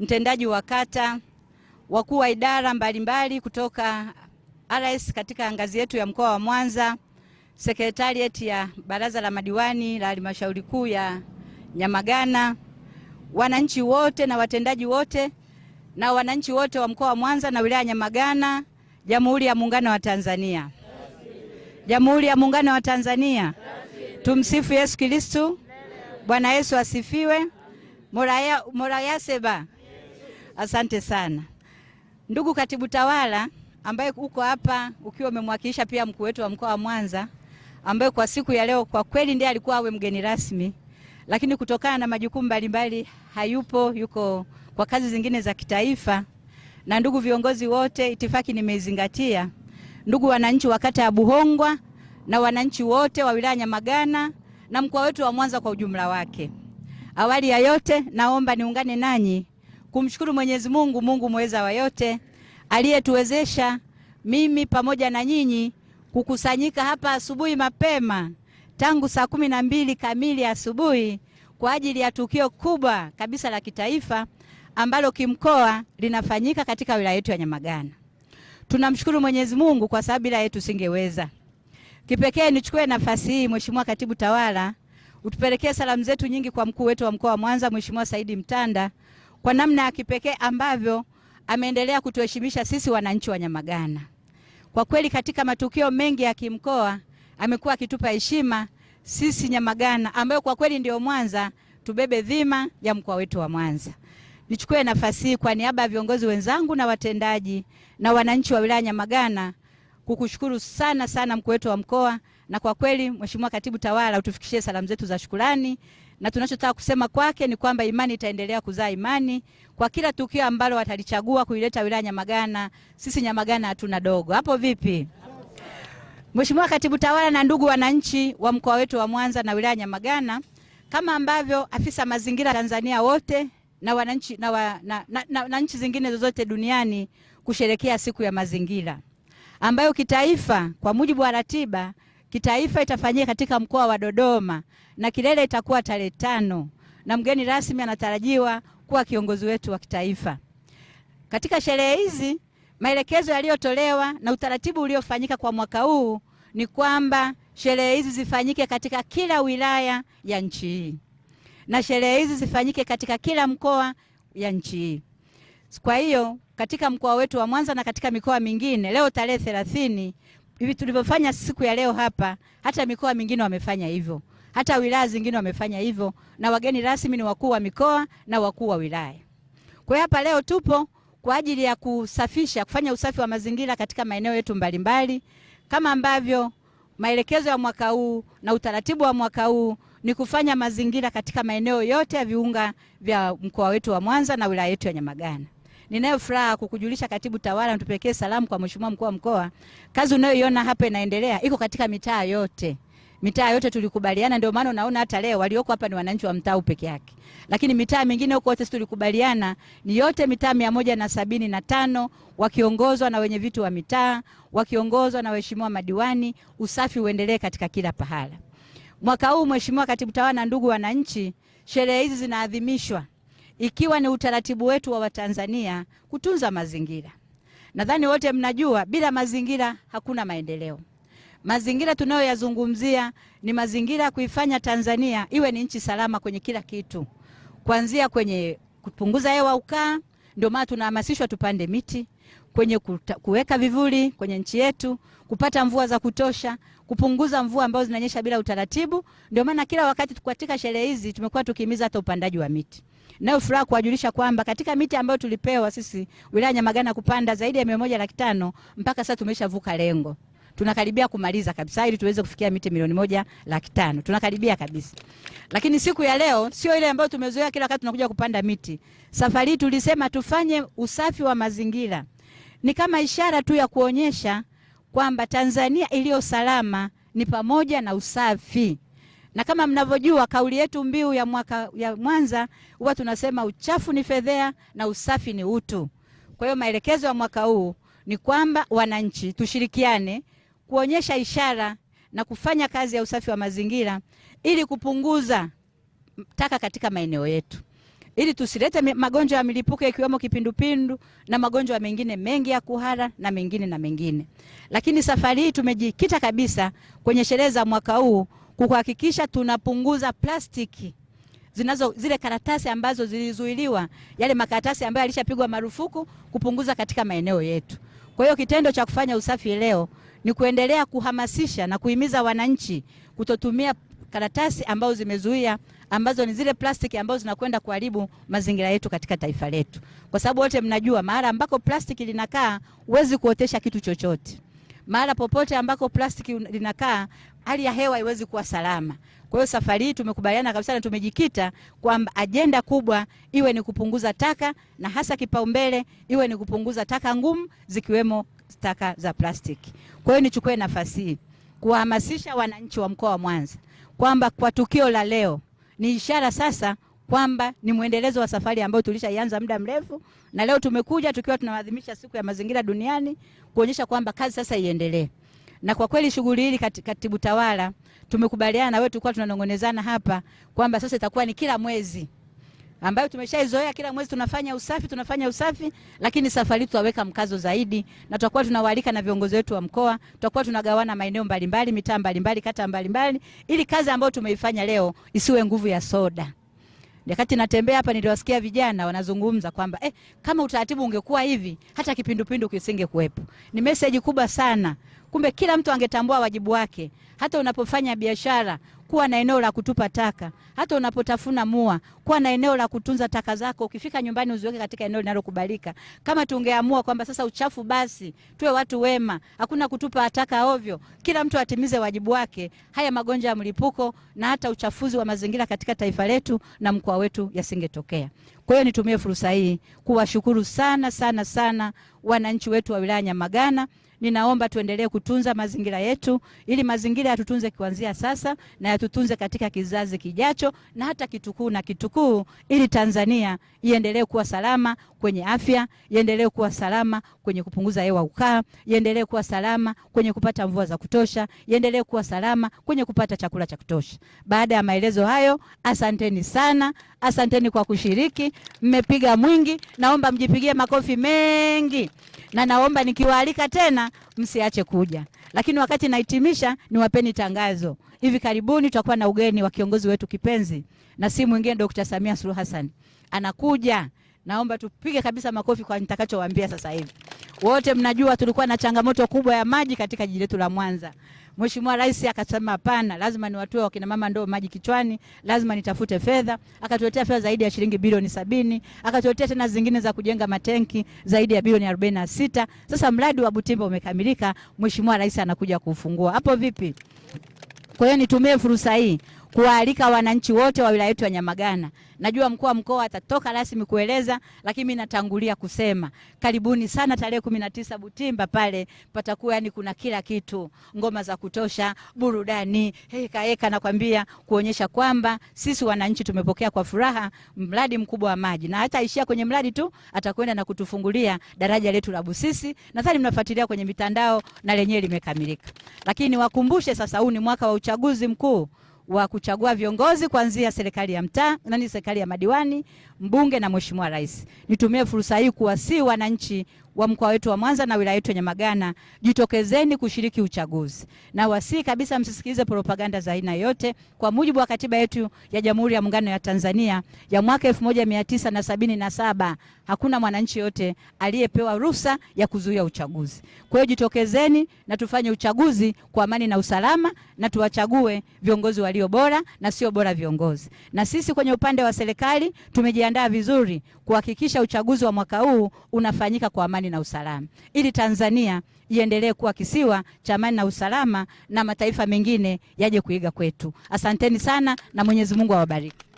mtendaji wa kata, wakuu wa idara mbalimbali kutoka RS katika ngazi yetu ya mkoa wa Mwanza, sekretarieti ya baraza la madiwani la halmashauri kuu ya Nyamagana, wananchi wote na watendaji wote na wananchi wote wa mkoa wa Mwanza na wilaya Nyamagana, Jamhuri ya Muungano wa Tanzania. Jamhuri ya Muungano wa Tanzania. Tumsifu Yesu Kristu. Bwana Yesu asifiwe. Morayaseba Asante sana ndugu katibu tawala ambaye uko hapa ukiwa umemwakilisha pia mkuu wetu wa mkoa wa Mwanza ambaye kwa siku ya leo kwa kweli ndiye alikuwa awe mgeni rasmi, lakini kutokana na majukumu mbalimbali hayupo, yuko kwa kazi zingine za kitaifa. Na ndugu viongozi wote, itifaki nimeizingatia. Ndugu wananchi wa kata ya Buhongwa na wananchi wote wa wilaya Nyamagana na mkoa wetu wa Mwanza kwa ujumla wake, awali ya yote, naomba niungane nanyi kumshukuru Mwenyezi Mungu, Mungu mweza wa yote, aliyetuwezesha mimi pamoja na nyinyi kukusanyika hapa asubuhi mapema tangu saa kumi na mbili kamili asubuhi kwa ajili ya tukio kubwa kabisa la kitaifa ambalo kimkoa linafanyika katika wilaya yetu ya Nyamagana. Tunamshukuru Mwenyezi Mungu kwa sababu bila yetu singeweza. Kipekee nichukue nafasi hii, Mheshimiwa Katibu Tawala, utupelekee salamu zetu nyingi kwa mkuu wetu wa mkoa wa Mwanza Mheshimiwa Saidi Mtanda kwa namna ya kipekee ambavyo ameendelea kutuheshimisha sisi wananchi wa Nyamagana. Kwa kweli katika matukio mengi ya kimkoa amekuwa akitupa heshima sisi Nyamagana, ambayo kwa kweli ndio Mwanza, tubebe dhima ya mkoa wetu wa Mwanza. Nichukue nafasi hii kwa niaba ya viongozi wenzangu na watendaji na wananchi wa wilaya Nyamagana kukushukuru sana sana mkuu wetu wa mkoa, na kwa kweli Mheshimiwa Katibu Tawala, utufikishie salamu zetu za shukrani na tunachotaka kusema kwake ni kwamba imani itaendelea kuzaa imani kwa kila tukio ambalo watalichagua kuileta wilaya Nyamagana. Sisi Nyamagana hatuna dogo. Hapo vipi? Mheshimiwa Katibu Tawala na ndugu wananchi wa mkoa wetu wa Mwanza na wilaya Nyamagana, kama ambavyo afisa mazingira Tanzania wote na wananchi na, wa, na, na, na, na nchi zingine zozote duniani kusherekea siku ya mazingira ambayo kitaifa kwa mujibu wa ratiba kitaifa itafanyika katika mkoa wa Dodoma na kilele itakuwa tarehe tano na mgeni rasmi anatarajiwa kuwa kiongozi wetu wa kitaifa. Katika sherehe hizi, maelekezo yaliyotolewa na utaratibu uliofanyika kwa mwaka huu ni kwamba sherehe hizi zifanyike katika kila wilaya ya nchi hii na sherehe hizi zifanyike katika kila mkoa ya nchi hii. Kwa hiyo katika mkoa wetu wa Mwanza na katika mikoa mingine leo tarehe thelathini Hivi tulivyofanya siku ya leo hapa, hata mikoa mingine wamefanya hivyo, hata wilaya zingine wamefanya hivyo, na wageni rasmi ni wakuu wa mikoa na wakuu wa wilaya. Kwa hiyo hapa leo tupo kwa ajili ya kusafisha, kufanya usafi wa mazingira katika maeneo yetu mbalimbali, kama ambavyo maelekezo ya mwaka huu na utaratibu wa mwaka huu ni kufanya mazingira katika maeneo yote ya viunga vya mkoa wetu wa Mwanza na wilaya yetu ya Nyamagana. Ninayo furaha kukujulisha katibu tawala, tupekee salamu kwa mheshimiwa mkuu wa mkoa. Kazi unayoiona hapa inaendelea iko katika mitaa yote mitaa yote tulikubaliana, ndio maana unaona hata leo walioko hapa ni wananchi wa mtaa peke yake, lakini mitaa mingine huko wote tulikubaliana ni yote mitaa mia moja na sabini na tano wakiongozwa na wenye viti wa mitaa wakiongozwa na waheshimiwa madiwani, usafi uendelee katika kila pahala. Mwaka huu Mheshimiwa Katibu Tawala na ndugu wananchi, sherehe hizi zinaadhimishwa ikiwa ni utaratibu wetu wa Watanzania kutunza mazingira. Nadhani wote mnajua bila mazingira hakuna maendeleo. Mazingira tunayoyazungumzia ni mazingira ya kuifanya Tanzania iwe ni nchi salama kwenye kila kitu, kuanzia kwenye kupunguza hewa ukaa. Ndio maana tunahamasishwa tupande miti, kwenye kuweka vivuli kwenye nchi yetu, kupata mvua za kutosha, kupunguza mvua ambazo zinanyesha bila utaratibu. Ndio maana kila wakati katika sherehe hizi tumekuwa tukihimiza hata upandaji wa miti. Nayo furaha kuwajulisha kwamba katika miti ambayo tulipewa sisi wilaya Nyamagana kupanda zaidi ya mia moja laki tano mpaka sasa tumeshavuka lengo tunakaribia kumaliza kabisa ili tuweze kufikia miti milioni moja laki tano. Tunakaribia kabisa, lakini siku ya leo sio ile ambayo tumezoea kila wakati tunakuja kupanda miti. Safari tulisema tufanye usafi wa mazingira ni kama ishara tu ya kuonyesha kwamba Tanzania iliyo salama ni pamoja na usafi. Na kama mnavyojua kauli yetu mbiu ya mwaka ya Mwanza huwa tunasema uchafu ni fedhea na usafi ni utu. Kwa hiyo maelekezo ya mwaka huu ni kwamba wananchi tushirikiane kuonyesha ishara na kufanya kazi ya usafi wa mazingira ili kupunguza taka katika maeneo yetu ili tusilete magonjwa ya milipuko ikiwemo kipindupindu na magonjwa mengine mengi ya kuhara na mengine na mengine. Lakini safari hii tumejikita kabisa kwenye sherehe za mwaka huu kuhakikisha tunapunguza plastiki zinazo zile karatasi ambazo zilizuiliwa, yale makaratasi ambayo yalishapigwa marufuku, kupunguza katika maeneo yetu. Kwa hiyo kitendo cha kufanya usafi leo ni kuendelea kuhamasisha na kuhimiza wananchi kutotumia karatasi ambazo zimezuia ambazo ni zile plastiki ambazo zinakwenda kuharibu mazingira yetu katika taifa letu, kwa sababu wote mnajua mahala ambako plastiki linakaa huwezi kuotesha kitu chochote. Mahala popote ambako plastiki linakaa hali ya hewa haiwezi kuwa salama. Kwa hiyo safari hii tumekubaliana kabisa na tumejikita kwamba ajenda kubwa iwe ni kupunguza taka na hasa kipaumbele iwe ni kupunguza taka ngumu zikiwemo taka za plastiki. Kwa hiyo nichukue nafasi hii kuwahamasisha wananchi wa mkoa wa Mwanza kwamba kwa tukio la leo ni ishara sasa kwamba ni mwendelezo wa safari ambayo tulishaianza muda mrefu, na leo tumekuja tukiwa tunaadhimisha siku ya mazingira duniani kuonyesha kwamba kazi sasa iendelee. Na kwa kweli shughuli hili kat, katibu tawala tumekubaliana na wewe, tulikuwa tunanongonezana hapa kwamba sasa itakuwa ni kila mwezi ambayo tumeshaizoea kila mwezi tunafanya usafi, tunafanya usafi, lakini safari tutaweka mkazo zaidi, na tutakuwa tunawaalika na viongozi wetu wa mkoa, tutakuwa tunagawana maeneo mbalimbali, mitaa mbalimbali, kata mbalimbali, ili kazi ambayo tumeifanya leo isiwe nguvu ya soda. Wakati natembea hapa niliwasikia vijana wanazungumza kwamba eh, kama utaratibu ungekuwa hivi hata kipindupindu kisingekuwepo. Ni message kubwa sana. Kumbe kila mtu angetambua wajibu wake. Hata unapofanya biashara, kuwa na eneo la kutupa taka. Hata unapotafuna mua, kuwa na eneo la kutunza taka zako. Ukifika nyumbani uziweke katika eneo linalokubalika. Kama tungeamua kwamba sasa uchafu basi, tuwe watu wema, hakuna kutupa taka ovyo, kila mtu atimize wajibu wake, haya magonjwa ya mlipuko na hata uchafuzi wa mazingira katika taifa letu na mkoa wetu yasingetokea. Kwa hiyo nitumie fursa hii kuwashukuru sana sana sana wananchi wetu wa wilaya Nyamagana. Ninaomba tuendelee kutunza mazingira yetu ili mazingira yatutunze kuanzia sasa na yatutunze katika kizazi kijacho na hata kitukuu na kitukuu kuu ili Tanzania iendelee kuwa salama kwenye afya, iendelee kuwa salama kwenye kupunguza hewa ukaa, iendelee kuwa salama kwenye kupata mvua za kutosha, iendelee kuwa salama kwenye kupata chakula cha kutosha. Baada ya maelezo hayo, asanteni sana, asanteni kwa kushiriki. Mmepiga mwingi, naomba mjipigie makofi mengi, na naomba nikiwaalika tena msiache kuja. Lakini wakati nahitimisha, niwapeni tangazo. Hivi karibuni tutakuwa na ugeni wa kiongozi wetu kipenzi na si mwingine Dr. Samia Suluhu Hassan anakuja. Naomba tupige kabisa makofi kwa nitakachowaambia sasa hivi. Wote mnajua tulikuwa na changamoto kubwa ya maji katika jiji letu la Mwanza. Mheshimiwa Rais akasema hapana, lazima niwatue wakina mama ndoo maji kichwani, lazima nitafute fedha. Akatuletea fedha zaidi ya shilingi bilioni sabini, akatuletea tena zingine za kujenga matenki zaidi ya bilioni arobaini na sita. Sasa mradi wa Butimba umekamilika, Mheshimiwa Rais anakuja kuufungua hapo. Vipi? Kwa hiyo nitumie fursa hii kuwaalika wananchi wote wa wilaya yetu ya Nyamagana. Najua mkuu wa mkoa atatoka rasmi kueleza, lakini mimi natangulia kusema karibuni sana tarehe kumi na tisa Butimba pale patakuwa yani kuna kila kitu, ngoma za kutosha, burudani, heka heka, nakwambia kuonyesha kwamba sisi wananchi tumepokea kwa furaha mradi mkubwa wa maji, na hata ishia kwenye mradi tu, atakwenda na kutufungulia daraja letu la Busisi. Nadhani mnafuatilia kwenye mitandao na lenyewe limekamilika, lakini wakumbushe sasa, huu ni mwaka wa uchaguzi mkuu wa kuchagua viongozi kuanzia serikali ya mtaa na serikali ya madiwani mbunge na mheshimiwa rais. Nitumie fursa hii kuwasihi wananchi wa mkoa wetu wa Mwanza na wilaya yetu ya Nyamagana, jitokezeni kushiriki uchaguzi, na wasihi kabisa msisikilize propaganda za aina yote. Kwa mujibu wa katiba yetu ya Jamhuri ya Muungano ya Tanzania ya mwaka saba hakuna mwananchi yote aliyepewa ruhusa ya kuzuia uchaguzi. Kwa hiyo jitokezeni na tufanye uchaguzi kwa amani na usalama, na tuwachague viongozi walio bora na sio bora viongozi. Na sisi kwenye upande wa serikali tumejiandaa kujiandaa vizuri kuhakikisha uchaguzi wa mwaka huu unafanyika kwa amani na usalama, ili Tanzania iendelee kuwa kisiwa cha amani na usalama na mataifa mengine yaje kuiga kwetu. Asanteni sana na Mwenyezi Mungu awabariki.